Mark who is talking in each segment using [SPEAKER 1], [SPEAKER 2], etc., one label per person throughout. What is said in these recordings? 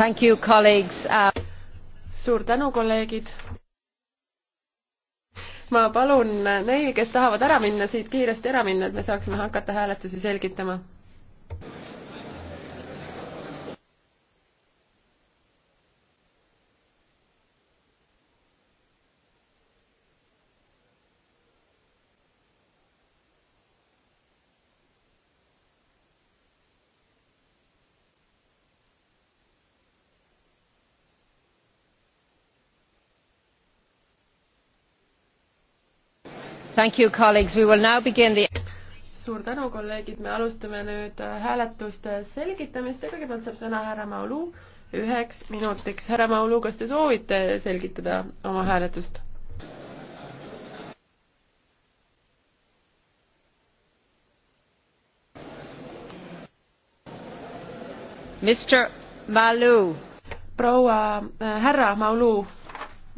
[SPEAKER 1] You, uh, suur tänu, kolleegid! ma palun neil, kes tahavad ära minna, siit kiiresti ära minna, et me saaksime hakata hääletusi selgitama.
[SPEAKER 2] The...
[SPEAKER 1] suur tänu, kolleegid, me alustame nüüd äh, hääletuste selgitamist ja kõigepealt saab sõna härra Maulu üheks minutiks. härra Maulu, kas te soovite selgitada oma hääletust? Mr Malu. proua äh,, härra Maulu,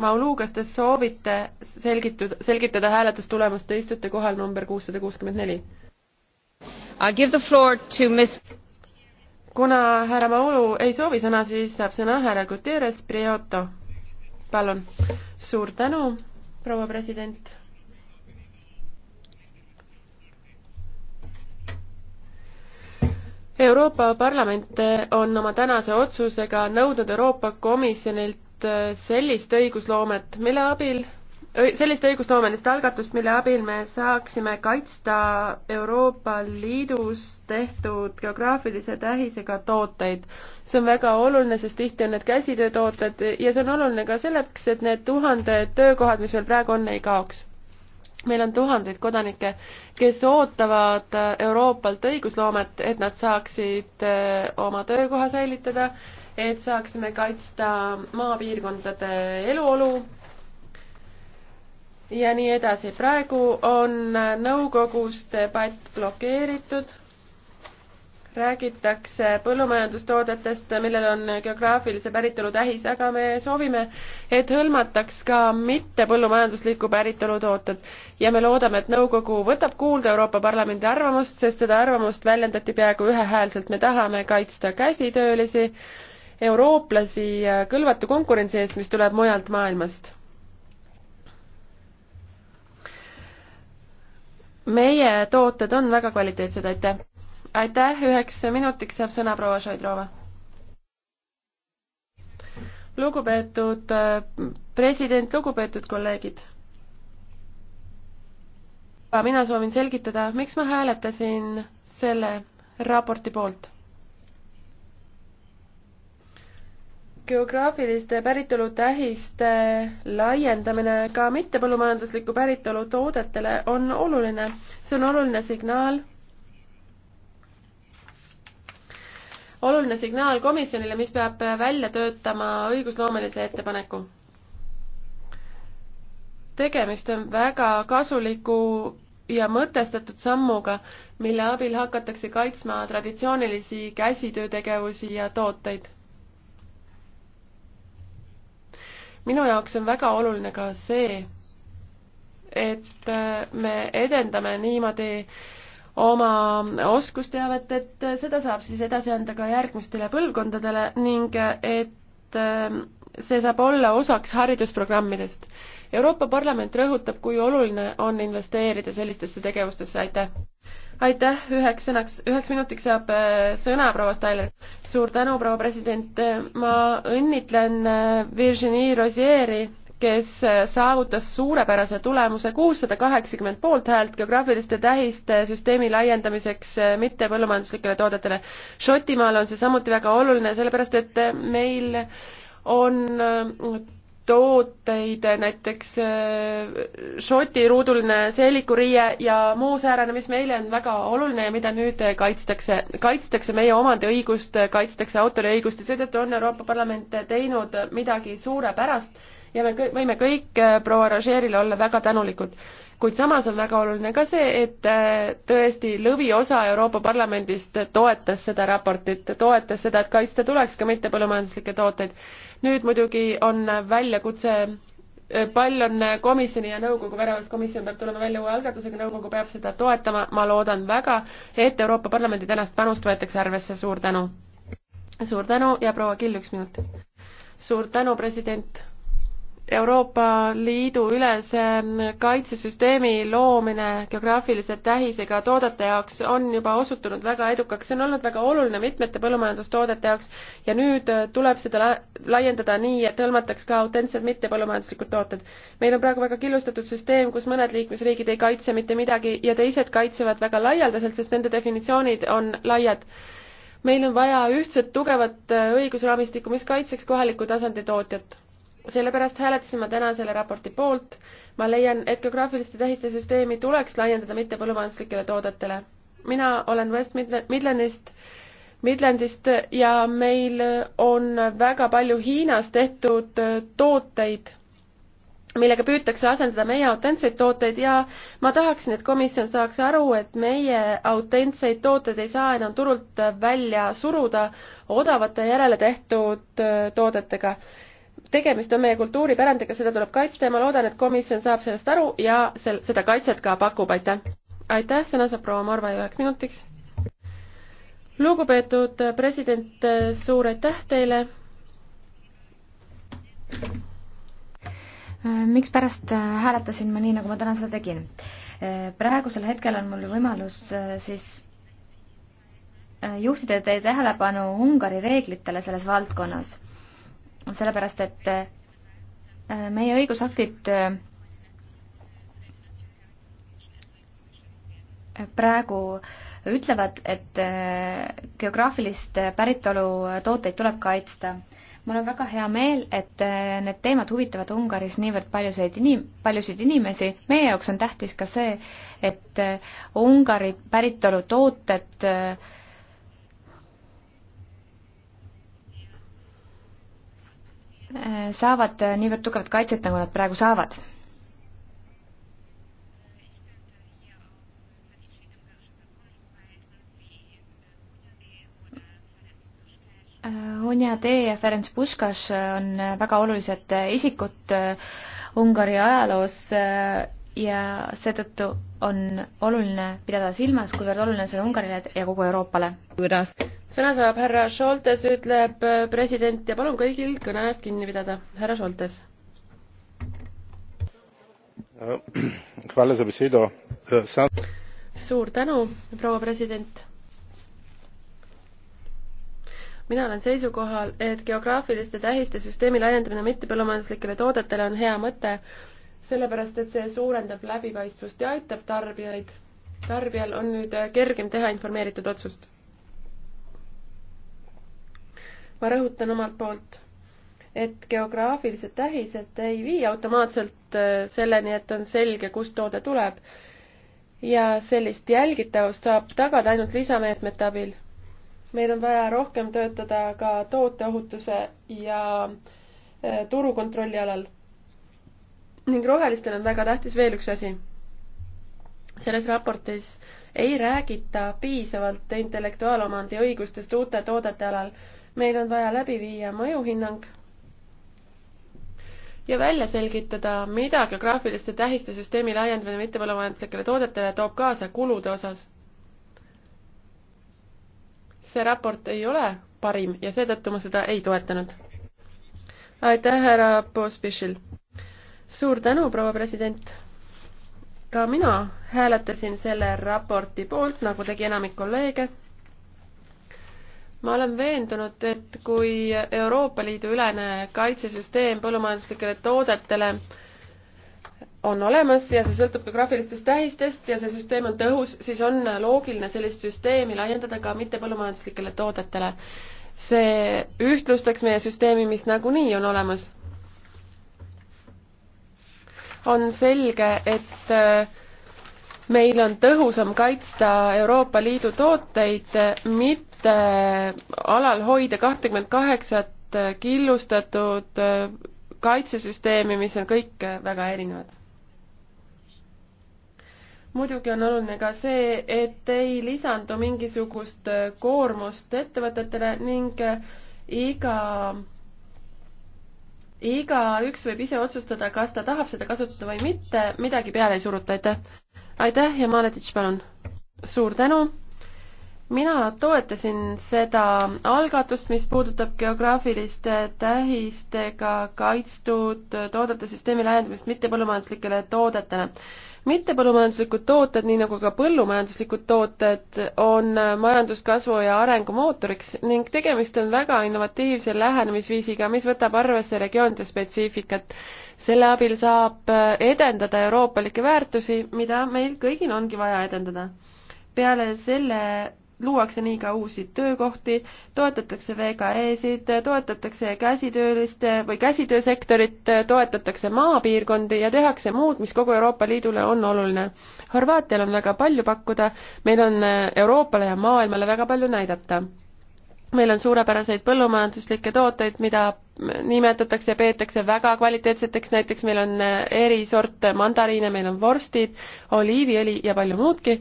[SPEAKER 1] Maulu, kas te soovite selgitud, selgitada hääletustulemust, te istute kohal number kuussada kuuskümmend neli. I give the floor to Miss kuna härra Maulu ei soovi sõna, siis saab sõna härra Guterres Prioto. palun. suur tänu, proua president. Euroopa Parlament on oma tänase otsusega nõudnud Euroopa Komisjonilt sellist õigusloomet, mille abil sellist õigusloomelist algatust, mille abil me saaksime kaitsta Euroopa Liidus tehtud geograafilise tähisega tooteid. see on väga oluline, sest tihti on need käsitöötooted ja see on oluline ka selleks, et need tuhanded töökohad, mis meil praegu on, ei kaoks. meil on tuhandeid kodanikke, kes ootavad Euroopalt õigusloomet, et nad saaksid eh, oma töökoha säilitada, et saaksime kaitsta maapiirkondade eluolu ja nii edasi. praegu on nõukogus debatt blokeeritud räägitakse põllumajandustoodetest, millel on geograafilise päritolu tähis, aga me soovime, et hõlmataks ka mitte põllumajandusliku päritolu tooted. ja me loodame, et nõukogu võtab kuulda Euroopa Parlamendi arvamust, sest seda arvamust väljendati peaaegu ühehäälselt. me tahame kaitsta käsitöölisi, eurooplasi kõlvatu konkurentsi eest, mis tuleb mujalt maailmast meie tooted on väga kvaliteetsed, aitäh! aitäh, üheks minutiks saab sõna proua Šoidrova. lugupeetud äh, president, lugupeetud kolleegid. mina soovin selgitada, miks ma hääletasin selle raporti poolt geograafiliste päritolu tähiste laiendamine ka mittepõllumajandusliku päritolu toodetele on oluline. see on oluline signaal, oluline signaal komisjonile, mis peab välja töötama õigusloomelise ettepaneku. tegemist on väga kasuliku ja mõtestatud sammuga, mille abil hakatakse kaitsma traditsioonilisi käsitöötegevusi ja tooteid minu jaoks on väga oluline ka see, et äh, me edendame niimoodi oma oskusteavet, et seda saab siis edasi anda ka järgmistele põlvkondadele ning et äh, see saab olla osaks haridusprogrammidest. Euroopa Parlament rõhutab, kui oluline on investeerida sellistesse tegevustesse, aitäh! aitäh, üheks sõnaks, üheks minutiks saab äh, sõna proua Stailer. suur tänu, proua president, ma õnnitlen äh, Virginie Rosieri kes äh, saavutas suurepärase tulemuse kuussada kaheksakümmend poolthäält geograafiliste tähiste süsteemi laiendamiseks mittepõllumajanduslikele toodetele. Šotimaal on see samuti väga oluline, sellepärast et meil on tooteid, näiteks äh, Šoti ruuduline seelikuriie ja muu säärane, mis meile on väga oluline ja mida nüüd kaitstakse. kaitstakse meie omandiõigust, kaitstakse autoriõigust ja seetõttu on Euroopa Parlament teinud midagi suurepärast ja me kõik, võime kõik äh, proua Rogerile olla väga tänulikud. kuid samas on väga oluline ka see, et äh, tõesti lõviosa Euroopa Parlamendist toetas seda raportit, toetas seda, et kaitsta tuleks ka mittepõllumajanduslikke tooteid nüüd muidugi on väljakutse äh, pall on komisjoni ja nõukogu väravas, komisjon peab tulema välja uue algatusega, nõukogu peab seda toetama, ma loodan väga, et Euroopa Parlamendi tänast panust võetakse arvesse, suur tänu! suur tänu ja proua Kill, üks minut! suur tänu, president! Euroopa Liidu ülese kaitsesüsteemi loomine geograafilise tähisega toodete jaoks on juba osutunud väga edukaks, see on olnud väga oluline mitmete põllumajandustoodete jaoks ja nüüd tuleb seda laiendada nii, et hõlmataks ka autentsed mittepõllumajanduslikud tooted. meil on praegu väga killustatud süsteem, kus mõned liikmesriigid ei kaitse mitte midagi ja teised kaitsevad väga laialdaselt, sest nende definitsioonid on laiad meil on vaja ühtset tugevat õigusraamistikku, mis kaitseks kohaliku tasandi tootjat sellepärast hääletasin ma täna selle raporti poolt. ma leian, et geograafiliste tähiste süsteemi tuleks laiendada mittepõllumajanduslikele toodetele. mina olen West Midlandist, Midlandist ja meil on väga palju Hiinas tehtud tooteid, millega püütakse asendada meie autentseid tooteid ja ma tahaksin, et komisjon saaks aru, et meie autentseid tooteid ei saa enam turult välja suruda odavate järele tehtud toodetega tegemist on meie kultuuripärandiga, seda tuleb kaitsta ja ma loodan, et komisjon saab sellest aru ja sel-, seda kaitset ka pakub, aitäh! aitäh, sõna saab proua Marva üheks minutiks. lugupeetud president,
[SPEAKER 2] suur aitäh teile! mikspärast hääletasin ma nii, nagu ma täna seda tegin? praegusel hetkel on mul võimalus äh, siis äh, juhtida teie tähelepanu Ungari reeglitele selles valdkonnas sellepärast et äh, meie õigusaktid äh, praegu ütlevad, et äh, geograafilist päritolu tooteid tuleb kaitsta. mul on väga hea meel, et need teemad huvitavad Ungaris niivõrd paljusid inim-, paljusid inimesi. meie jaoks on tähtis ka see, et Ungari päritolu tooted äh, Äh, saavad niivõrd tugevat kaitset, nagu nad praegu saavad. Hunja äh, Tee ja Ferenc Puskas on väga olulised isikud äh, Ungari ajaloos ja seetõttu on oluline pidada silmas, kuivõrd oluline see on Ungarile ja kogu Euroopale. sõna saab härra Šoltes,
[SPEAKER 1] ütleb president ja palun kõigil kõne ajast kinni pidada. härra Šoltes. suur tänu, proua president mina olen seisukohal, et geograafiliste tähiste süsteemi laiendamine mittepõllumajanduslikele toodetele on hea mõte sellepärast et see suurendab läbipaistvust ja aitab tarbijaid. tarbijal on nüüd kergem teha informeeritud otsust. ma rõhutan omalt poolt, et geograafilised tähised ei vii automaatselt äh, selleni, et on selge, kust toode tuleb. ja sellist jälgitavust saab tagada ainult lisameetmete abil. meil on vaja rohkem töötada ka tooteohutuse ja äh, turukontrolli alal ning rohelistel on väga tähtis veel üks asi. selles raportis ei räägita piisavalt intellektuaalomandi õigustest uute toodete alal. meil on vaja läbi viia mõjuhinnang ja välja selgitada, mida geograafiliste tähiste süsteemi laiendamine mittepõllumajanduslikele toodetele toob kaasa kulude osas. see raport ei ole parim ja seetõttu ma seda ei toetanud. aitäh, härra Pospišil! suur tänu, proua president. ka mina hääletasin selle raporti poolt, nagu tegi enamik kolleege ma olen veendunud, et kui Euroopa Liidu ülene kaitsesüsteem põllumajanduslikele toodetele on olemas ja see sõltub geograafilistest tähistest ja see süsteem on tõhus, siis on loogiline sellist süsteemi laiendada ka mittepõllumajanduslikele toodetele. see ühtlustaks meie süsteemi, mis nagunii on olemas on selge, et äh, meil on tõhusam kaitsta Euroopa Liidu tooteid, mitte äh, alal hoida kahtekümmet kaheksat äh, killustatud kaitsesüsteemi, mis on kõik väga erinevad muidugi on oluline ka see, et ei lisandu mingisugust koormust ettevõtetele ning iga igaüks võib ise otsustada, kas ta tahab seda kasutada või mitte, midagi peale ei suruta, aitäh. aitäh ja Maletitš, palun. suur tänu. mina toetasin seda algatust, mis puudutab geograafilist tähistega kaitstud toodete süsteemi lähendamist mittepõllumajanduslikele toodetele mittepõllumajanduslikud tooted, nii nagu ka põllumajanduslikud tooted, on äh, majanduskasvu ja arengu mootoriks ning tegemist on väga innovatiivse lähenemisviisiga, mis võtab arvesse regioonide spetsiifikat. selle abil saab äh, edendada euroopalikke väärtusi, mida meil kõigil ongi vaja edendada. peale selle luuakse nii ka uusi töökohti, toetatakse VKE-sid, toetatakse käsitööliste või käsitöösektorit, toetatakse maapiirkondi ja tehakse muud, mis kogu Euroopa Liidule on oluline. Horvaatial on väga palju pakkuda, meil on Euroopale ja maailmale väga palju näidata meil on suurepäraseid põllumajanduslikke tooteid, mida nimetatakse ja peetakse väga kvaliteetseteks, näiteks meil on eri sorte mandariine, meil on vorstid, oliiviõli ja palju muudki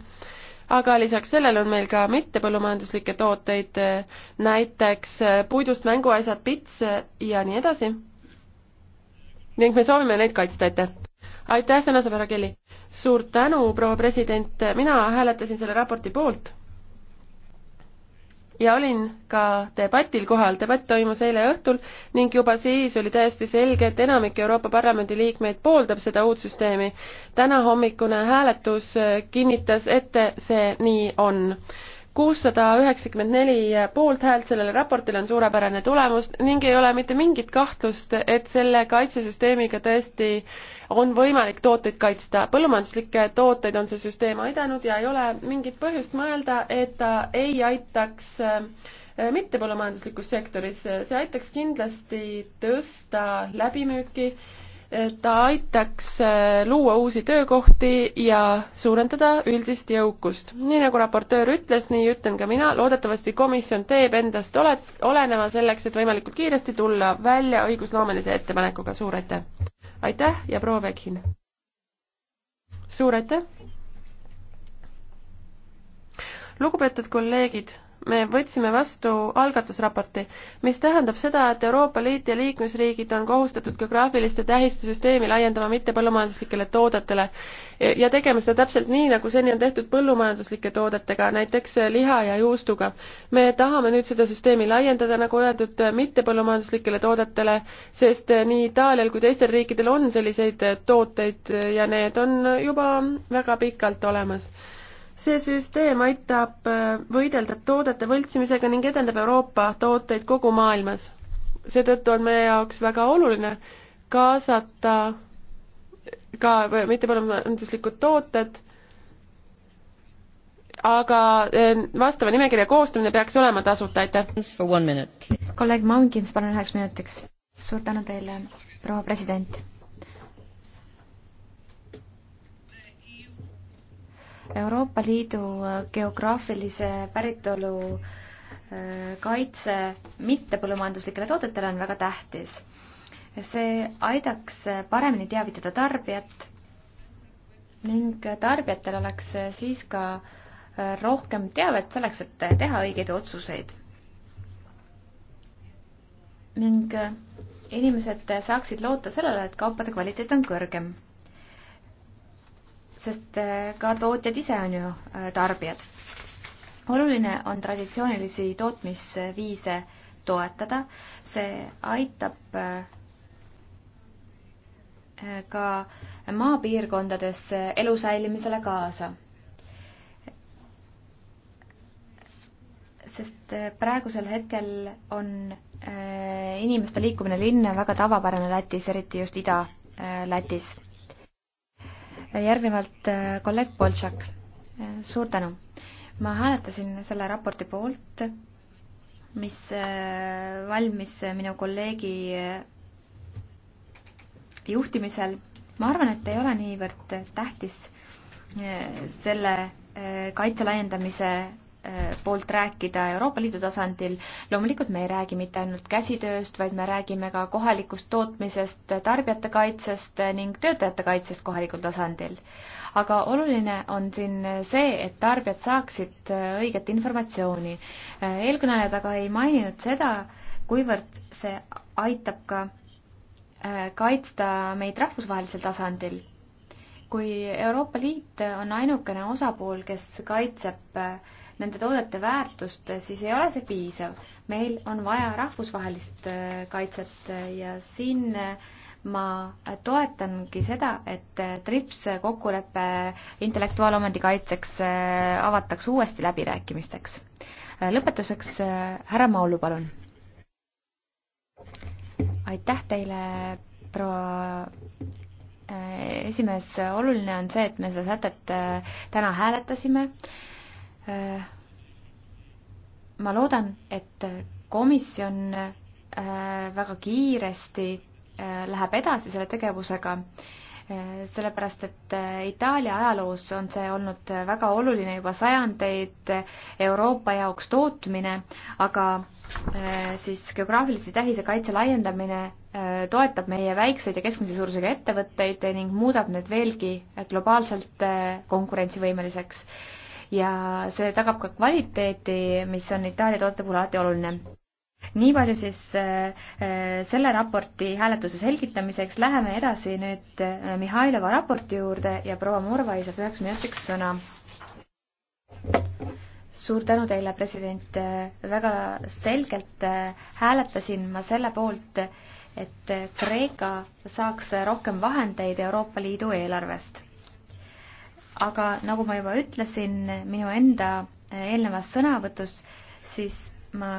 [SPEAKER 1] aga lisaks sellele on meil ka mittepõllumajanduslikke tooteid, eh, näiteks eh, puidust mänguasjad, pits eh, ja nii edasi. ning me soovime neid kaitsta, aitäh! aitäh, sõnasõber Ageli! suur tänu, proua president, mina hääletasin selle raporti poolt ja olin ka debatil kohal, debatt toimus eile õhtul ning juba siis oli täiesti selge, et enamik Euroopa Parlamendi liikmeid pooldab seda uut süsteemi. tänahommikune hääletus kinnitas, et see nii on kuussada üheksakümmend neli poolthäält sellele raportile on suurepärane tulemus ning ei ole mitte mingit kahtlust, et selle kaitsesüsteemiga tõesti on võimalik tooteid kaitsta. põllumajanduslikke tooteid on see süsteem aidanud ja ei ole mingit põhjust mõelda, et ta ei aitaks äh, mittepõllumajanduslikus sektoris, see aitaks kindlasti tõsta läbimüüki ta aitaks äh, luua uusi töökohti ja suurendada üldist jõukust. nii nagu raportöör ütles, nii ütlen ka mina, loodetavasti komisjon teeb endast ole-, oleneva selleks, et võimalikult kiiresti tulla välja õigusloomelise ettepanekuga, suur aitäh! aitäh ja proua Pekin! suur aitäh! lugupeetud kolleegid! me võtsime vastu algatusraporti, mis tähendab seda, et Euroopa Liit ja liikmesriigid on kohustatud geograafiliste tähiste süsteemi laiendama mittepõllumajanduslikele toodetele ja tegema seda täpselt nii, nagu seni on tehtud põllumajanduslike toodetega, näiteks liha ja juustuga. me tahame nüüd seda süsteemi laiendada, nagu öeldud, mittepõllumajanduslikele toodetele, sest nii Itaalial kui teistel riikidel on selliseid tooteid ja need on juba väga pikalt olemas see süsteem aitab äh, võidelda toodete võltsimisega ning edendab Euroopa tooteid kogu maailmas. seetõttu on meie jaoks väga oluline kaasata ka mittepõllumajanduslikud tooted, aga äh, vastava nimekirja koostamine peaks olema tasuta, aitäh.
[SPEAKER 2] kolleeg Maunkins, palun üheks minutiks. suur tänu teile, proua president Euroopa Liidu äh, geograafilise päritolu äh, kaitse mittepõllumajanduslikele toodetele on väga tähtis. see aitaks äh, paremini teavitada tarbijat ning tarbijatel oleks siis ka rohkem teavet selleks, et teha õigeid otsuseid. ning inimesed saaksid loota sellele, et kaupade kvaliteet on kõrgem sest äh, ka tootjad ise on ju äh, tarbijad. oluline on traditsioonilisi tootmisviise toetada, see aitab äh, ka maapiirkondades elu säilimisele kaasa. sest praegusel hetkel on inimeste liikumine linna väga tavapärane Lätis, eriti just Ida-Lätis järgnevalt äh, kolleeg Boltšak, äh, suur tänu. ma hääletasin selle raporti poolt, mis äh, valmis minu kolleegi juhtimisel. ma arvan, et ei ole niivõrd tähtis selle kaitse laiendamise Äh, poolt rääkida Euroopa Liidu tasandil, loomulikult me ei räägi mitte ainult käsitööst, vaid me räägime ka kohalikust tootmisest, tarbijate kaitsest ning töötajate kaitsest kohalikul tasandil. aga oluline on siin see, et tarbijad saaksid äh, õiget informatsiooni. Äh, eelkõnelejad aga ei maininud seda, kuivõrd see aitab ka kaitsta meid rahvusvahelisel tasandil kui Euroopa Liit on ainukene osapool, kes kaitseb äh, nende toodete väärtust, siis ei ole see piisav. meil on vaja rahvusvahelist äh, kaitset äh, ja siin ma toetangi seda, et TRIPS kokkulepe intellektuaalomandi kaitseks avatakse uuesti läbirääkimisteks. lõpetuseks härra Maulu, palun. aitäh teile, proua Äh, esimees, oluline on see, et me seda sätet äh, täna hääletasime. Äh, ma loodan, et komisjon väga kiiresti läheb edasi selle tegevusega, sellepärast et Itaalia ajaloos on see olnud väga oluline juba sajandeid Euroopa jaoks tootmine, aga Äh, siis geograafilise tähise kaitse laiendamine äh, toetab meie väikseid ja keskmise suurusega ettevõtteid ning muudab need veelgi äh, globaalselt konkurentsivõimeliseks. ja see tagab ka kvaliteeti, mis on Itaalia toote puhul alati oluline. nii palju siis selle raporti hääletuse selgitamiseks, läheme edasi nüüd Mihhailova raporti juurde ja proua Murva saab üheks minutiks sõna suur tänu teile, president, väga selgelt äh, hääletasin ma selle poolt, et Kreeka saaks rohkem vahendeid Euroopa Liidu eelarvest. aga nagu ma juba ütlesin minu enda eelnevas sõnavõtus, siis ma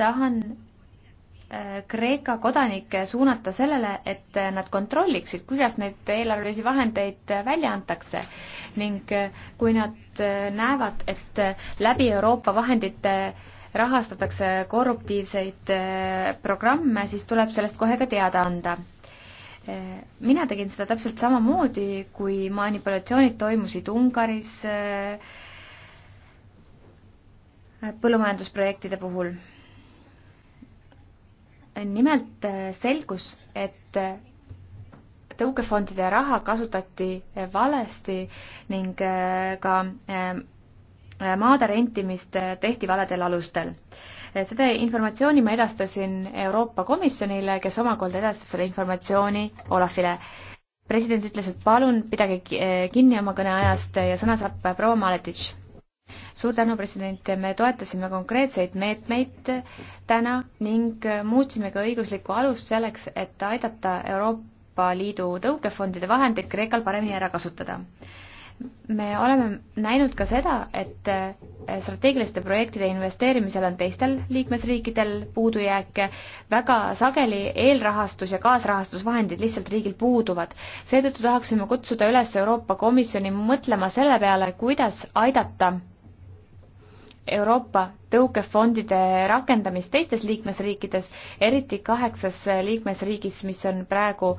[SPEAKER 2] tahan Äh, Kreeka kodanikke suunata sellele, et äh, nad kontrolliksid, kuidas neid eelarvelisi vahendeid äh, välja antakse ning kui nad näevad, et läbi Euroopa vahendite rahastatakse korruptiivseid programme, siis tuleb sellest kohe ka teada anda. mina tegin seda täpselt samamoodi, kui manipulatsioonid toimusid Ungaris põllumajandusprojektide puhul nimelt äh, selgus, et äh, tõukefondide raha kasutati äh, valesti ning ka maade rentimist tehti valedel alustel. seda informatsiooni ma edastasin Euroopa Komisjonile, kes omakorda edastas selle informatsiooni Olafile. president ütles, et palun pidage kinni oma kõneajast ja sõna saab proua Maletitš suur tänu, president, me toetasime konkreetseid meetmeid täna ning muutsime ka õiguslikku alust selleks, et aidata Euroopa Liidu tõukefondide vahendeid Kreekal paremini ära kasutada. me oleme näinud ka seda, et strateegiliste projektide investeerimisel on teistel liikmesriikidel puudujääke, väga sageli eelrahastus ja kaasrahastusvahendid lihtsalt riigil puuduvad. seetõttu tahaksime kutsuda üles Euroopa Komisjoni mõtlema selle peale, kuidas aidata Euroopa tõukefondide rakendamist teistes liikmesriikides, eriti kaheksas liikmesriigis, mis on praegu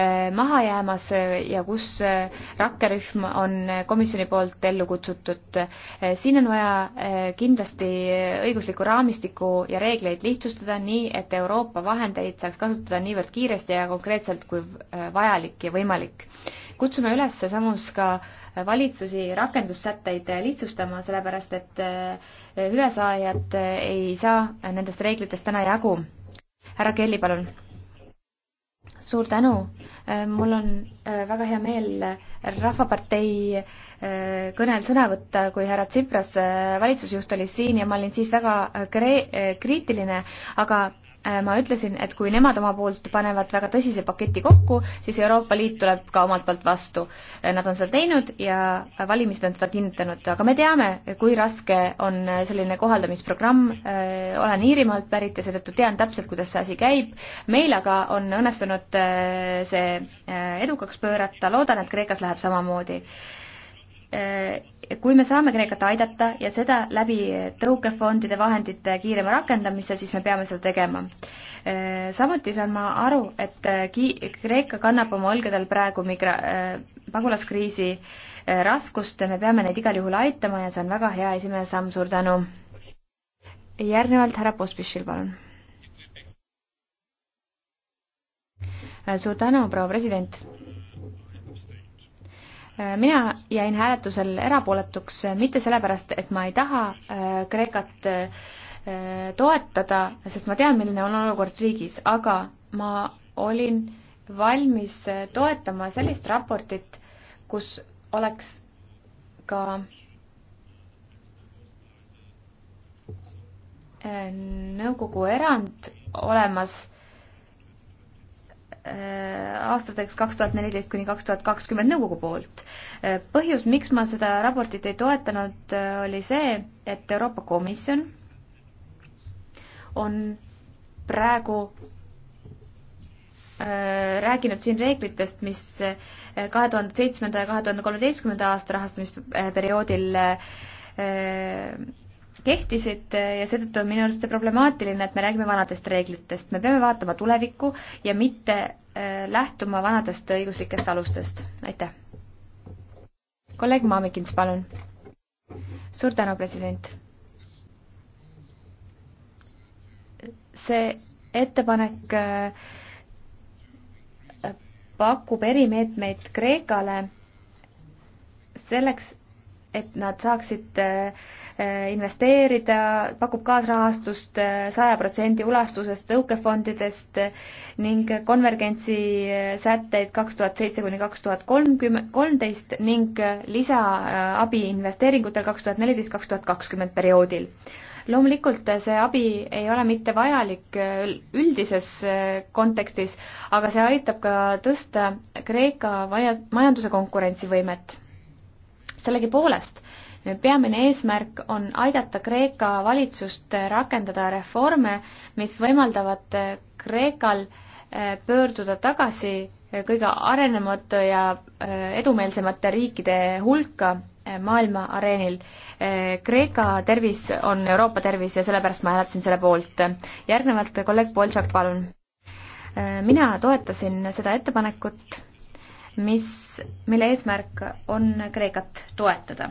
[SPEAKER 2] eh, maha jäämas eh, ja kus eh, rakkerühm on komisjoni poolt ellu kutsutud. siin on vaja kindlasti õigusliku raamistiku ja reegleid lihtsustada, nii et Euroopa vahendeid saaks kasutada niivõrd kiiresti ja konkreetselt kui vajalik ja võimalik kutsume üles samas ka äh, valitsusi rakendussätteid lihtsustama, sellepärast et eh, hüvesaajad eh, ei saa nendest reeglitest täna jagu. härra Kelly, palun. suur tänu. Eh, mul on väga hea meel Rahvapartei kõnel sõna võtta, kui härra Tsipras, valitsusjuht, oli siin ja ma olin siis väga kriitiline, aga Äh, ma ütlesin, et kui nemad oma poolt panevad väga tõsise paketi kokku, siis Euroopa Liit tuleb ka omalt poolt vastu. Äh, nad on seda teinud ja valimised on seda kinnitanud, aga me teame, kui raske on selline kohaldamisprogramm, äh, olen Iirimaalt pärit ja seetõttu tean täpselt, kuidas see asi käib. meil aga on õnnestunud see edukaks pöörata, loodan, et Kreekas läheb samamoodi Äh, kui me saame Kreekat aidata ja seda läbi tõukefondide vahendite kiirema rakendamise, siis me peame seda tegema. Äh, samuti saan ma aru, et äh, Kreeka kannab oma õlgadel praegu migra-, pagulaskriisi raskust, me peame neid igal juhul aitama ja see on väga hea esimene samm, suur tänu. järgnevalt härra Pospišil, palun. suur tänu, proua president mina jäin hääletusel erapooletuks eh, mitte sellepärast, et ma ei taha eh, Kreekat eh, toetada, sest ma tean, milline on olukord riigis, aga ma olin valmis toetama sellist raportit, kus oleks ka nõukogu erand olemas Äh, aastateks kaks tuhat neliteist kuni kaks tuhat kakskümmend nõukogu poolt. Äh, põhjus, miks ma seda raportit ei toetanud, äh, oli see, et Euroopa Komisjon on praegu rääkinud siin reeglitest, mis kahe tuhande seitsmenda ja kahe tuhande kolmeteistkümnenda aasta rahastamisperioodil kehtisid ja seetõttu on minu arust see problemaatiline, et me räägime vanadest reeglitest, me peame vaatama tulevikku ja mitte äh, lähtuma vanadest õiguslikest alustest, aitäh. kolleeg Maamikins, palun. suur tänu, president. see ettepanek äh, pakub erimeetmeid Kreekale selleks, et nad saaksid äh, investeerida, pakub kaasrahastust äh, saja protsendi ulastusest tõukefondidest ning konvergentsi äh, sätteid kaks tuhat seitse kuni kaks tuhat kolmkümmend, kolmteist ning lisaabi investeeringutel kaks tuhat neliteist, kaks tuhat kakskümmend perioodil. loomulikult see abi ei ole mitte vajalik üldises kontekstis, aga see aitab ka tõsta Kreeka maja, majanduse konkurentsivõimet sellegipoolest peamine eesmärk on aidata Kreeka valitsust rakendada reforme, mis võimaldavad Kreekal eh, pöörduda tagasi eh, kõige arenenumate ja eh, edumeelsemate riikide hulka maailma areenil. Kreeka tervis on Euroopa tervis ja sellepärast ma hääletasin selle poolt. järgnevalt kolleeg Boltšak, palun. mina toetasin seda ettepanekut mis, mille eesmärk on Kreekat toetada.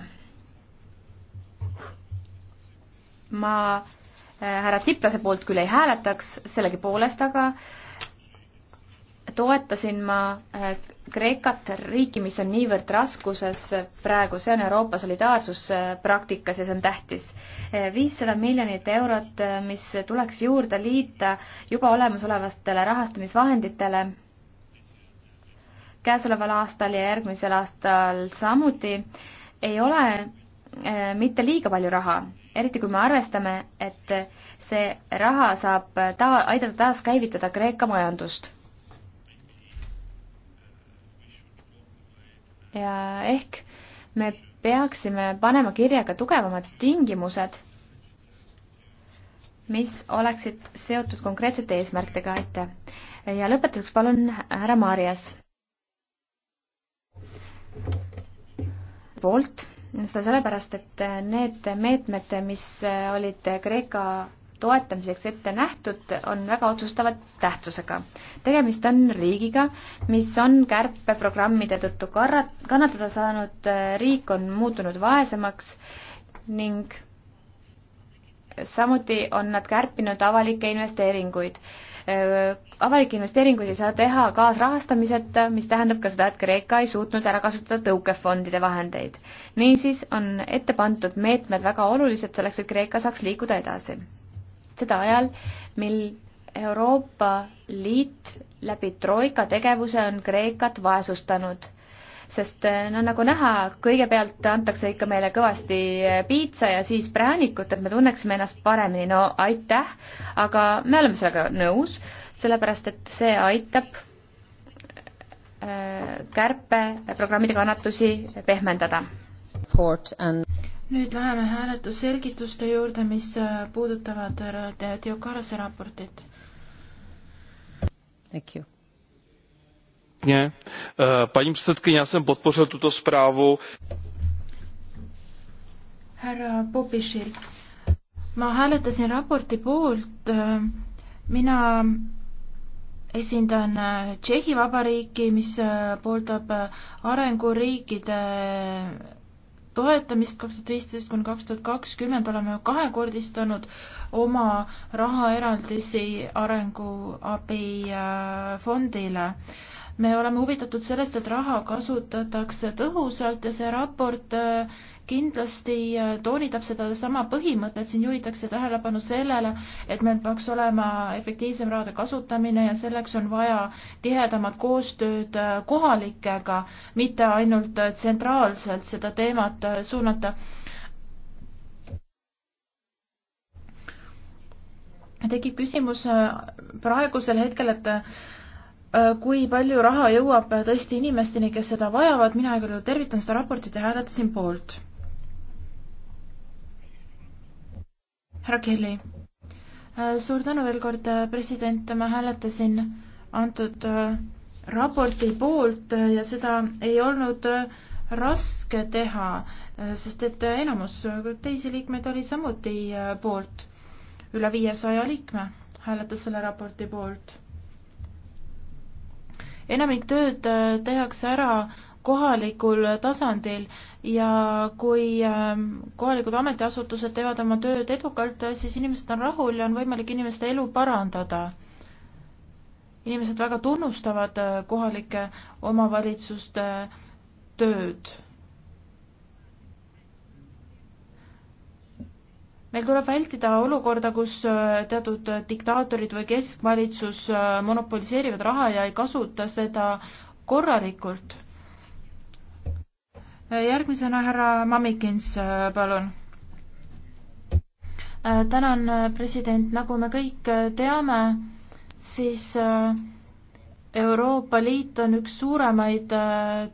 [SPEAKER 2] ma äh, härra Tsiplase poolt küll ei hääletaks, sellegipoolest aga toetasin ma äh, Kreekat, riiki, mis on niivõrd raskuses praegu, see on Euroopa solidaarsuspraktikas ja see on tähtis. Äh, viissada miljonit eurot, mis tuleks juurde liita juba olemasolevatele rahastamisvahenditele käesoleval aastal ja järgmisel aastal samuti, ei ole eh, mitte liiga palju raha, eriti kui me arvestame, et see raha saab ta-, aidata taaskäivitada Kreeka majandust. ja ehk me peaksime panema kirja ka tugevamad tingimused, mis oleksid seotud konkreetsete eesmärkidega, aitäh! ja lõpetuseks palun härra Maarjas poolt, seda sellepärast, et need meetmed, mis olid Kreeka toetamiseks ette nähtud, on väga otsustava tähtsusega. tegemist on riigiga, mis on kärpeprogrammide tõttu karrat-, kannatada saanud, riik on muutunud vaesemaks ning samuti on nad kärpinud avalikke investeeringuid Äh, avalikke investeeringuid ei saa teha kaasrahastamiseta, mis tähendab ka seda, et Kreeka ei suutnud ära kasutada tõukefondide vahendeid. niisiis on ette pandud meetmed väga olulised selleks, et Kreeka saaks liikuda edasi. seda ajal, mil Euroopa Liit läbi Troika tegevuse on Kreekat vaesustanud sest eh, no nagu näha, kõigepealt antakse ikka meile kõvasti eh, piitsa ja siis präänikut, et me tunneksime ennast paremini, no aitäh, aga me oleme sellega nõus, sellepärast et see aitab eh, kärpeprogrammide kannatusi pehmendada. And...
[SPEAKER 3] nüüd läheme hääletusselgituste juurde, mis puudutavad Teokarase raportit. Thank you pěkně. Eh, paní předsedkyně, já jsem podpořil tuto zprávu. härra Popišil, ma hääletasin raporti poolt. Eh, mina esindan eh, Tšehhi Vabariiki, mis pooldab arenguriikide toetamist kaks tuhat viisteist kuni kaks tuhat kakskümmend oleme kahekordistanud oma rahaeraldisi arenguabifondile me oleme huvitatud sellest, et raha kasutatakse tõhusalt ja see raport äh, kindlasti äh, toonitab sedasama põhimõtet, siin juhitakse tähelepanu sellele, et meil peaks olema efektiivsem rahade kasutamine ja selleks on vaja tihedamat koostööd äh, kohalikega, mitte ainult tsentraalselt seda teemat suunata tekib küsimus praegusel hetkel, et Äh, kui palju raha jõuab tõesti inimesteni, kes seda vajavad, mina igal juhul tervitan seda raportit ja hääletasin poolt. härra Kelly, äh, suur tänu veel kord, äh, president, ma hääletasin antud raporti poolt ja seda ei olnud raske teha, sest et enamus teisi liikmeid oli samuti poolt, üle viiesaja liikme hääletas selle raporti poolt enamik tööd äh, tehakse ära kohalikul tasandil ja kui ähm, kohalikud ametiasutused teevad oma tööd edukalt, äh, siis inimesed on rahul ja on võimalik inimeste elu parandada. inimesed väga tunnustavad äh, kohalike omavalitsuste tööd meil tuleb vältida olukorda, kus äh, teatud äh, diktaatorid või keskvalitsus äh, monopoliseerivad raha ja ei kasuta seda korralikult. järgmisena härra Mamikins, palun. tänan, president, nagu me kõik teame, siis Euroopa Liit on üks suuremaid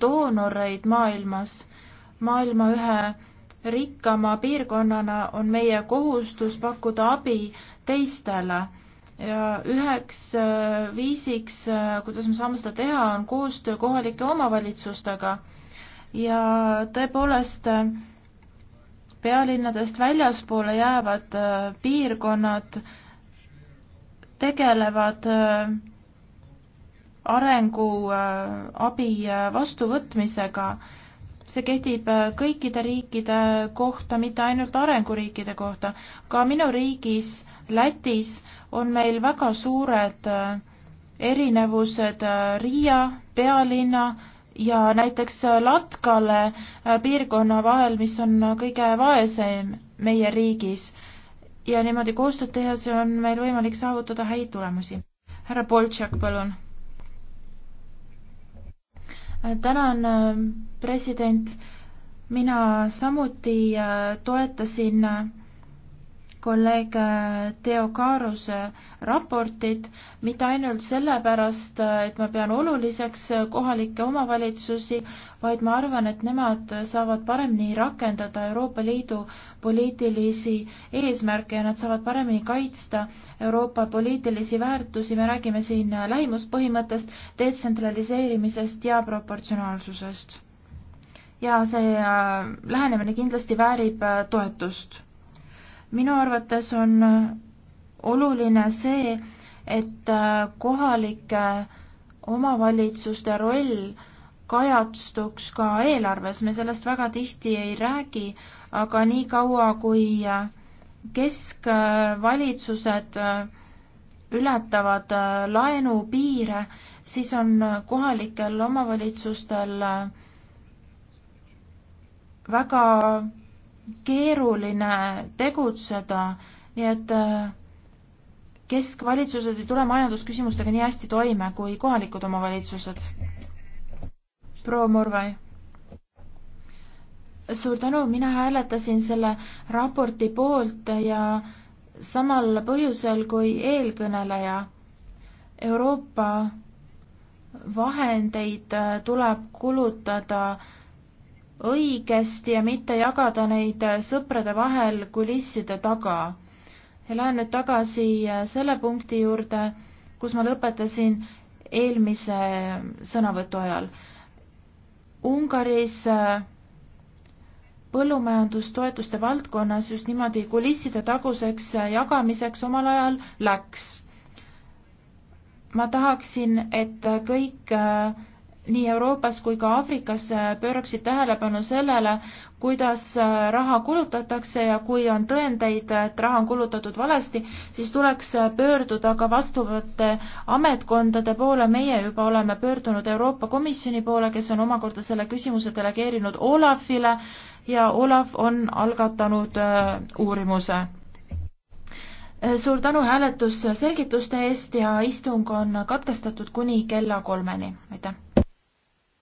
[SPEAKER 3] doonoreid maailmas, maailma ühe rikkama piirkonnana on meie kohustus pakkuda abi teistele ja üheks äh, viisiks, äh, kuidas me saame seda teha, on koostöö kohalike omavalitsustega ja tõepoolest äh, pealinnadest väljaspoole jäävad piirkonnad tegelevad arenguabi vastuvõtmisega see kehtib äh, kõikide riikide kohta, mitte ainult arenguriikide kohta. ka minu riigis, Lätis, on meil väga suured äh, erinevused äh, Riia pealinna ja näiteks Latkale piirkonna vahel, mis on kõige vaesem meie riigis. ja niimoodi koostööd tehes on meil võimalik saavutada häid tulemusi. härra Boltšak, palun tänan, äh, president. mina samuti äh, toetasin äh, kolleeg äh, Teo Kaaruse raportit, mitte ainult sellepärast, äh, et ma pean oluliseks äh, kohalikke omavalitsusi, vaid ma arvan, et nemad saavad paremini rakendada Euroopa Liidu poliitilisi eesmärke ja nad saavad paremini kaitsta Euroopa poliitilisi väärtusi, me räägime siin lähimuspõhimõttest, detsentraliseerimisest ja proportsionaalsusest ja see lähenemine kindlasti väärib toetust minu arvates on oluline see, et äh, kohalike äh, omavalitsuste roll kajastuks ka eelarves, me sellest väga tihti ei räägi, aga niikaua, kui äh, keskvalitsused ületavad laenupiire, siis on kohalikel omavalitsustel väga keeruline tegutseda, nii et äh, keskvalitsused ei tule majandusküsimustega nii hästi toime kui kohalikud omavalitsused. proua Murvai. suur tänu, mina hääletasin selle raporti poolt ja samal põhjusel kui eelkõneleja. Euroopa vahendeid äh, tuleb kulutada äh, õigesti ja mitte jagada neid sõprade vahel kulisside taga. ja lähen nüüd tagasi äh, selle punkti juurde, kus ma lõpetasin eelmise äh, sõnavõtu ajal. Ungaris äh, põllumajandustoetuste valdkonnas just niimoodi kulisside taguseks jagamiseks omal ajal läks. ma tahaksin, et kõik äh, nii Euroopas kui ka Aafrikas äh, pööraksid tähelepanu sellele, kuidas äh, raha kulutatakse ja kui on tõendeid, et raha on kulutatud valesti, siis tuleks äh, pöörduda ka vastuvõtte ametkondade poole, meie juba oleme pöördunud Euroopa Komisjoni poole, kes on omakorda selle küsimuse delegeerinud Olafile ja Olav on algatanud uurimuse suur tänu hääletusselgituste eest ja istung on katkestatud kuni kella kolmeni, aitäh!